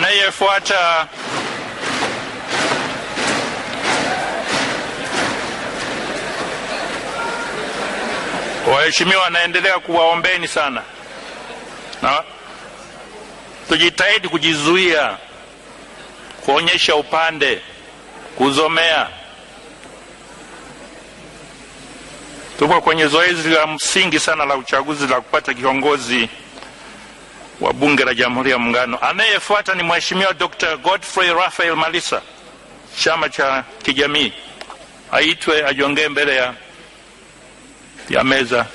anayefuata Waheshimiwa, anaendelea kuwaombeni sana na tujitahidi kujizuia kuonyesha upande, kuzomea. tuko kwenye zoezi la msingi sana la uchaguzi la kupata kiongozi wa bunge la Jamhuri ya Muungano. Anayefuata ni Mheshimiwa Dr. Godfrey Rafael Malisa, chama cha kijamii. Aitwe ajongee mbele ya, ya meza.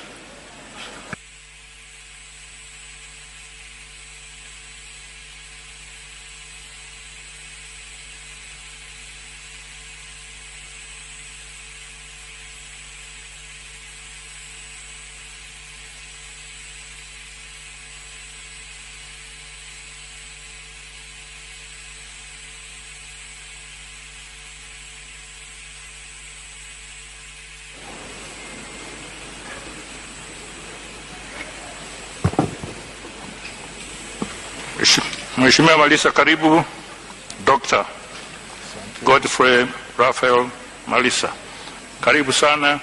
Mheshimiwa Malisa, karibu. Dr. Godfrey Rafael Malisa, karibu sana.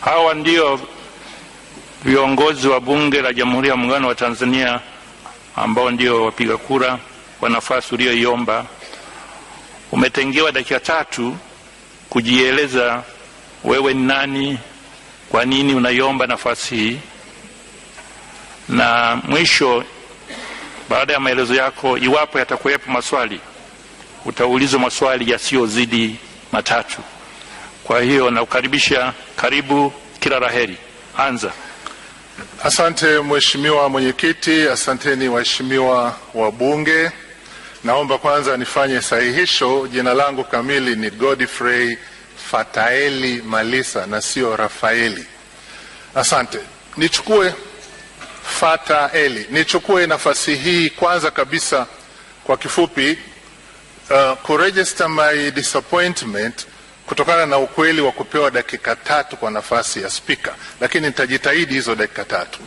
Hawa ndio viongozi wa Bunge la Jamhuri ya Muungano wa Tanzania ambao ndio wapiga kura kwa nafasi uliyoiomba. Umetengewa dakika tatu kujieleza wewe ni nani, kwa nini unaiomba nafasi hii, na mwisho baada ya maelezo yako, iwapo yatakuwepo maswali, utaulizwa maswali yasiyozidi matatu. Kwa hiyo nakukaribisha, karibu, kila laheri. Anza. Asante mheshimiwa mwenyekiti, asanteni waheshimiwa wabunge. Naomba kwanza nifanye sahihisho. Jina langu kamili ni Godfrey Fataeli Malisa na sio Rafaeli. Asante. Nichukue Fata Eli. Nichukue nafasi hii kwanza kabisa kwa kifupi uh, kuregister my disappointment kutokana na ukweli wa kupewa dakika tatu kwa nafasi ya spika, lakini nitajitahidi hizo dakika tatu.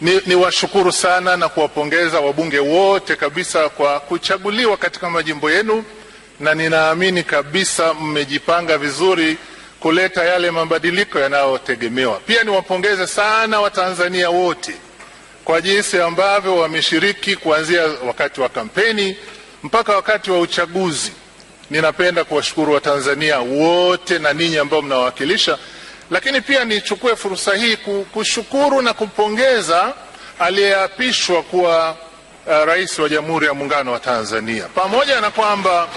Ni, ni washukuru sana na kuwapongeza wabunge wote kabisa kwa kuchaguliwa katika majimbo yenu, na ninaamini kabisa mmejipanga vizuri kuleta yale mabadiliko yanayotegemewa. Pia niwapongeze sana Watanzania wote kwa jinsi ambavyo wameshiriki kuanzia wakati wa kampeni mpaka wakati wa uchaguzi. Ninapenda kuwashukuru Watanzania wote na ninyi ambao mnawawakilisha, lakini pia nichukue fursa hii kushukuru na kumpongeza aliyeapishwa kuwa uh, rais wa Jamhuri ya Muungano wa Tanzania, pamoja na kwamba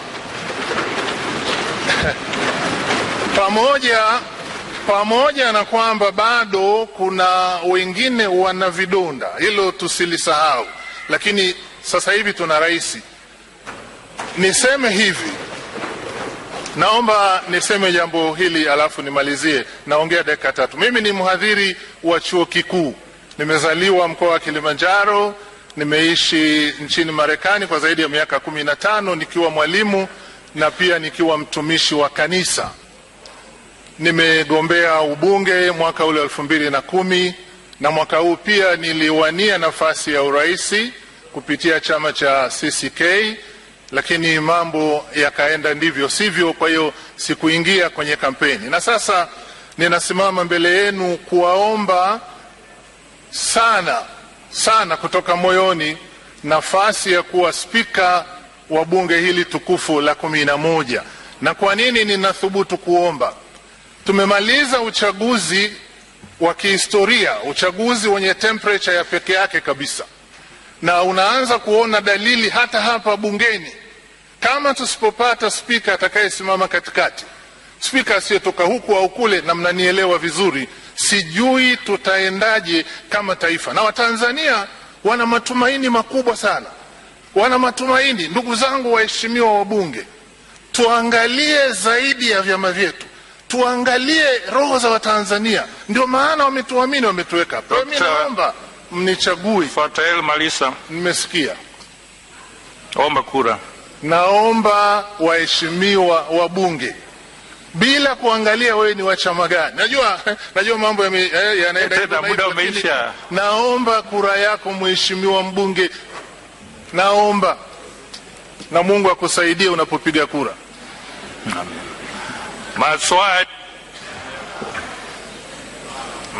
pamoja pamoja na kwamba bado kuna wengine wana vidonda, hilo tusilisahau. Lakini sasa hivi tuna rais. Niseme hivi, naomba niseme jambo hili alafu nimalizie, naongea dakika tatu. Mimi ni mhadhiri wa chuo kikuu, nimezaliwa mkoa wa Kilimanjaro, nimeishi nchini Marekani kwa zaidi ya miaka kumi na tano nikiwa mwalimu na pia nikiwa mtumishi wa kanisa nimegombea ubunge mwaka ule elfu mbili na kumi na mwaka huu pia niliwania nafasi ya uraisi kupitia chama cha CCK, lakini mambo yakaenda ndivyo sivyo, kwa hiyo sikuingia kwenye kampeni, na sasa ninasimama mbele yenu kuwaomba sana sana kutoka moyoni nafasi ya kuwa spika wa bunge hili tukufu la kumi na moja. Na kwa nini ninathubutu kuomba? Tumemaliza uchaguzi wa kihistoria, uchaguzi wenye temperature ya peke yake kabisa, na unaanza kuona dalili hata hapa bungeni. Kama tusipopata spika atakayesimama katikati, spika asiyetoka huku au kule, na mnanielewa vizuri, sijui tutaendaje kama taifa. Na Watanzania wana matumaini makubwa sana, wana matumaini. Ndugu zangu waheshimiwa wabunge, tuangalie zaidi ya vyama vyetu tuangalie roho za Watanzania, ndio maana wametuamini, wametuweka hapa. Mimi naomba mnichague. Fatael Malisa, nimesikia, omba kura. Naomba waheshimiwa wabunge bila kuangalia wewe ni wa chama gani. Najua, najua mambo eh, yanaenda, eh, muda umeisha. Naomba kura yako mheshimiwa mbunge, naomba na Mungu akusaidie unapopiga kura. Amen. Maswali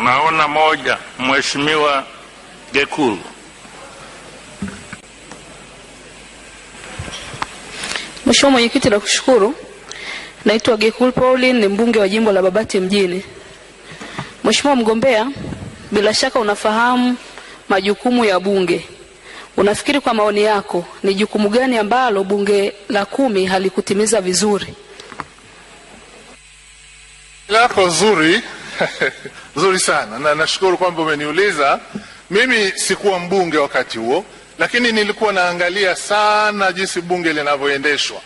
naona moja, Mheshimiwa Gekulu. Mheshimiwa Mwenyekiti, nakushukuru. Naitwa Gekul Pauline, ni mbunge wa jimbo la Babati mjini. Mheshimiwa mgombea, bila shaka unafahamu majukumu ya bunge. Unafikiri kwa maoni yako ni jukumu gani ambalo bunge la kumi halikutimiza vizuri? lako zuri nzuri sana, na nashukuru kwamba umeniuliza. Mimi sikuwa mbunge wakati huo, lakini nilikuwa naangalia sana jinsi bunge linavyoendeshwa,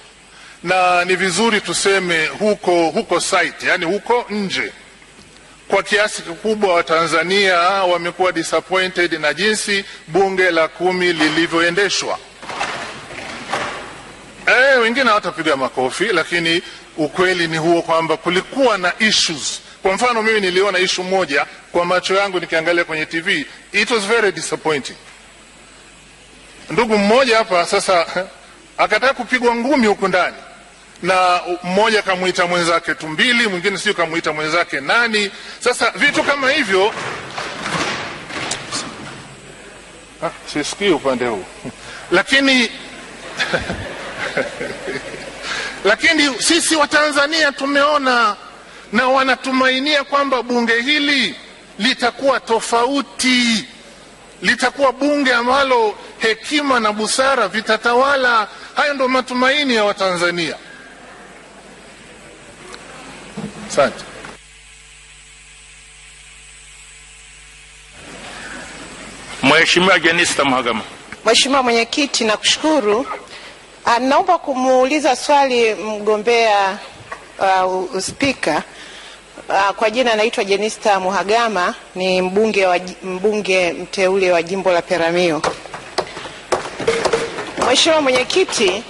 na ni vizuri tuseme huko huko site, yani huko nje, kwa kiasi kikubwa Watanzania wamekuwa disappointed na jinsi bunge la kumi lilivyoendeshwa wengine hawatapiga makofi, lakini ukweli ni huo kwamba kulikuwa na issues. Kwa mfano mimi niliona issue moja kwa macho yangu nikiangalia kwenye TV, it was very disappointing. Ndugu mmoja hapa sasa akataka kupigwa ngumi huku ndani, na mmoja kamwita mwenzake tumbili, mwingine sio kamwita mwenzake nani. Sasa vitu kama hivyo ah, sisikii upande huu lakini lakini sisi Watanzania tumeona na wanatumainia kwamba bunge hili litakuwa tofauti, litakuwa bunge ambalo hekima na busara vitatawala. Hayo ndio matumaini ya Watanzania. Asante. Mheshimiwa Jenista Mhagama. Mheshimiwa Mwenyekiti, nakushukuru. Ah, naomba kumuuliza swali mgombea uh, uspika uh, kwa jina anaitwa Jenista Muhagama ni mbunge, wa, mbunge mteule wa jimbo la Peramiho. Mheshimiwa Mwenyekiti,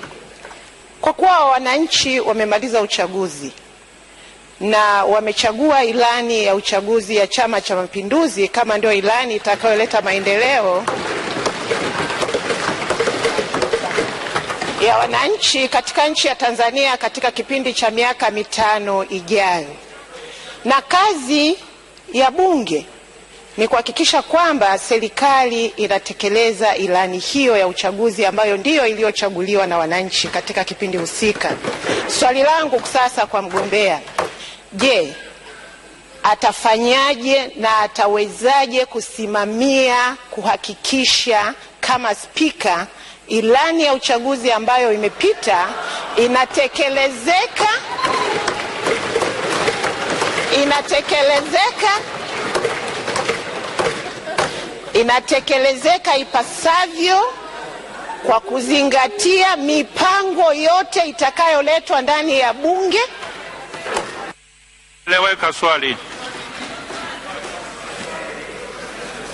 kwa kuwa wananchi wamemaliza uchaguzi na wamechagua ilani ya uchaguzi ya Chama cha Mapinduzi kama ndio ilani itakayoleta maendeleo ya wananchi katika nchi ya Tanzania katika kipindi cha miaka mitano ijayo. Na kazi ya bunge ni kuhakikisha kwamba serikali inatekeleza ilani hiyo ya uchaguzi ambayo ndiyo iliyochaguliwa na wananchi katika kipindi husika. Swali langu sasa kwa mgombea, je, atafanyaje na atawezaje kusimamia kuhakikisha kama spika ilani ya uchaguzi ambayo imepita inatekelezeka inatekelezeka inatekelezeka ipasavyo kwa kuzingatia mipango yote itakayoletwa ndani ya Bunge. Leweka swali.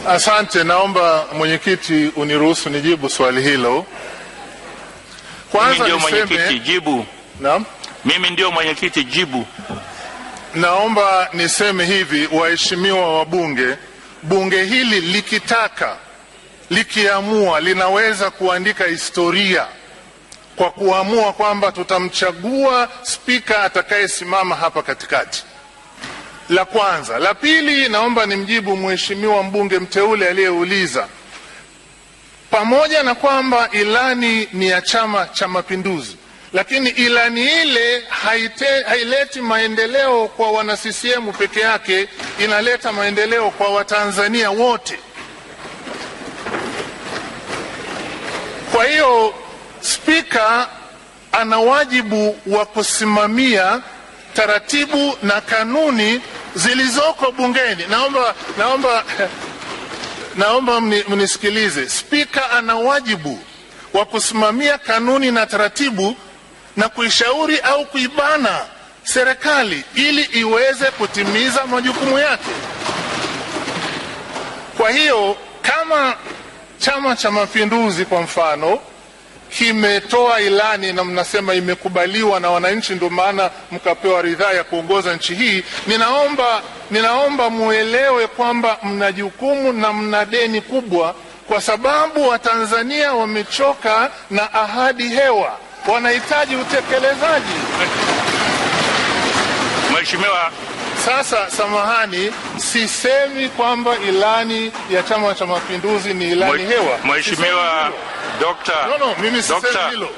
Asante, naomba mwenyekiti uniruhusu nijibu swali hilo. Kwanza niseme ndio mwenyekiti jibu. Naam. Mimi ndio mwenyekiti jibu. Naomba niseme hivi, waheshimiwa wabunge, bunge hili likitaka, likiamua, linaweza kuandika historia kwa kuamua kwamba tutamchagua spika atakayesimama hapa katikati la kwanza. La pili, naomba nimjibu mheshimiwa mbunge mteule aliyeuliza, pamoja na kwamba ilani ni ya Chama cha Mapinduzi, lakini ilani ile haite, haileti maendeleo kwa wana CCM peke yake, inaleta maendeleo kwa Watanzania wote. Kwa hiyo Spika ana wajibu wa kusimamia taratibu na kanuni zilizoko bungeni. Naomba, naomba, naomba mnisikilize. Spika ana wajibu wa kusimamia kanuni na taratibu na kuishauri au kuibana serikali ili iweze kutimiza majukumu yake. Kwa hiyo kama Chama cha Mapinduzi kwa mfano kimetoa ilani na mnasema imekubaliwa na wananchi, ndio maana mkapewa ridhaa ya kuongoza nchi hii. Ninaomba, ninaomba muelewe kwamba mna jukumu na mna deni kubwa, kwa sababu Watanzania wamechoka na ahadi hewa, wanahitaji utekelezaji. Mheshimiwa sasa samahani, sisemi kwamba ilani ya Chama cha Mapinduzi ni ilani hewa, Mheshimiwa Dokta. No, no, mimi sisemi hilo.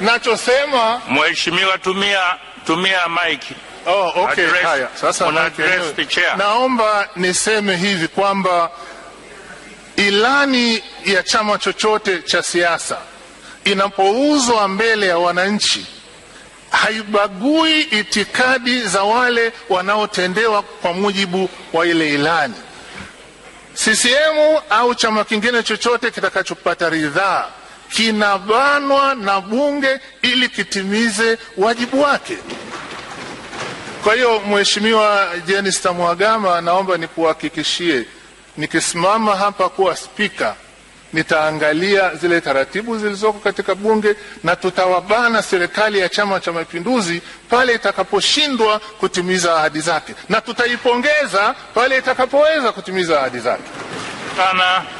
Nachosema Mheshimiwa, tumia tumia mike. Oh, okay. Address, haya. Sasa address the chair. naomba niseme hivi kwamba ilani ya chama chochote cha siasa inapouzwa mbele ya wananchi haibagui itikadi za wale wanaotendewa kwa mujibu wa ile ilani. CCM au chama kingine chochote kitakachopata ridhaa kinabanwa na bunge ili kitimize wajibu wake. Kwa hiyo, Mheshimiwa Jenista Mhagama, naomba nikuhakikishie nikisimama hapa kuwa spika nitaangalia zile taratibu zilizoko katika bunge na tutawabana serikali ya Chama cha Mapinduzi pale itakaposhindwa kutimiza ahadi zake, na tutaipongeza pale itakapoweza kutimiza ahadi zake sana.